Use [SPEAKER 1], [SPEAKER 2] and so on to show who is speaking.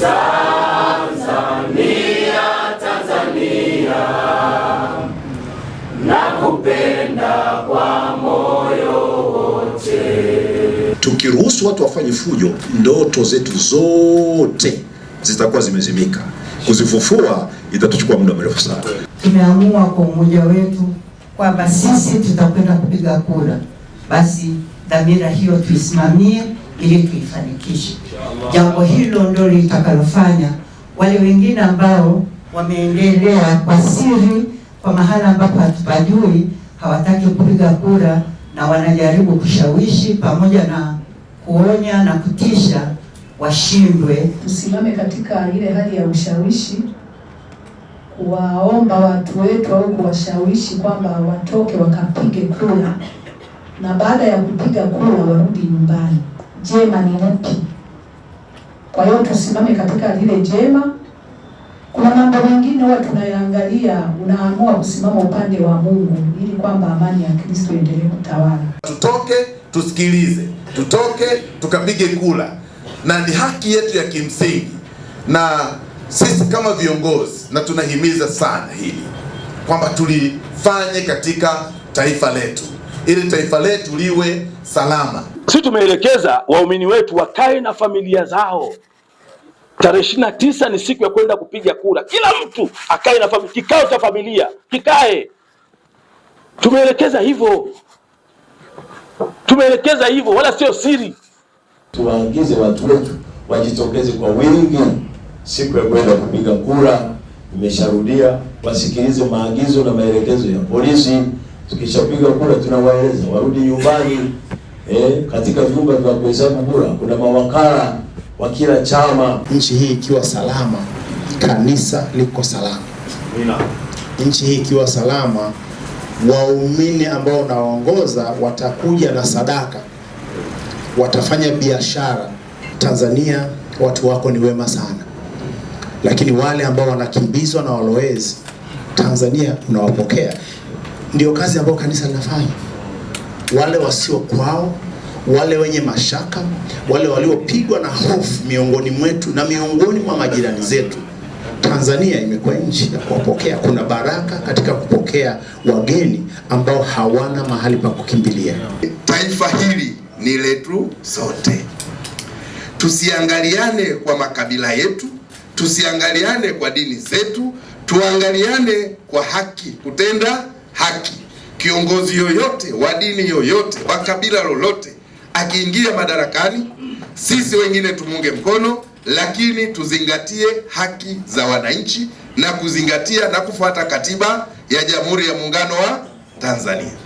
[SPEAKER 1] Tanzania, Tanzania, nakupenda kwa moyo wote. Tukiruhusu watu wafanye fujo, ndoto zetu zote zitakuwa zimezimika. Kuzifufua itatuchukua muda mrefu sana.
[SPEAKER 2] Tumeamua kwa umoja wetu kwamba sisi tutakwenda kupiga kura, basi dhamira hiyo tuisimamie ili tuifanikishe. Jambo hilo ndio litakalofanya wale wengine ambao wameendelea kwa siri, kwa mahala ambapo hatupajui, hawataki kupiga kura na wanajaribu kushawishi pamoja na kuonya na kutisha, washindwe.
[SPEAKER 3] Tusimame katika ile hali ya ushawishi, kuwaomba watu wetu au kuwashawishi kwamba watoke wakapige kura, na baada ya kupiga kura warudi nyumbani jema ni lipi? Kwa hiyo tusimame katika lile jema. Kuna mambo mengine huwa tunayaangalia, unaamua kusimama upande wa Mungu ili kwamba amani ya Kristo iendelee kutawala.
[SPEAKER 4] Tutoke tusikilize, tutoke tukapige kula, na ni haki yetu ya kimsingi, na sisi kama viongozi, na tunahimiza sana hili kwamba tulifanye katika taifa letu ili taifa letu liwe salama.
[SPEAKER 5] Sisi tumeelekeza waumini wetu wakae na familia zao. Tarehe ishirini na tisa ni siku ya kwenda kupiga kura, kila mtu akae na familia, kikao cha familia kikae. Tumeelekeza hivyo, tumeelekeza hivyo, wala sio siri.
[SPEAKER 6] Tuwaagize watu wetu wajitokeze kwa wingi siku ya kwenda kupiga kura. Imesharudia, wasikilize maagizo na maelekezo ya polisi. Tukishapiga kura tunawaeleza warudi nyumbani. Eh, katika vyumba vya kuhesabu kura kuna mawakala wa kila chama.
[SPEAKER 7] Nchi hii ikiwa salama, kanisa liko salama. Nchi hii ikiwa salama, waumini ambao nawaongoza watakuja na sadaka, watafanya biashara. Tanzania watu wako ni wema sana, lakini wale ambao wanakimbizwa na walowezi, Tanzania unawapokea. Ndio kazi ambayo kanisa linafanya. Wale wasio kwao, wale wenye mashaka, wale waliopigwa na hofu miongoni mwetu na miongoni mwa majirani zetu. Tanzania imekuwa nchi ya kuwapokea. Kuna baraka katika kupokea wageni ambao hawana mahali pa kukimbilia.
[SPEAKER 8] Taifa hili ni letu sote. Tusiangaliane kwa makabila yetu, tusiangaliane kwa dini zetu, tuangaliane kwa haki kutenda haki. Kiongozi yoyote wa dini yoyote wa kabila lolote akiingia madarakani, sisi wengine tumunge mkono, lakini tuzingatie haki za wananchi na kuzingatia na kufuata katiba ya Jamhuri ya Muungano wa Tanzania.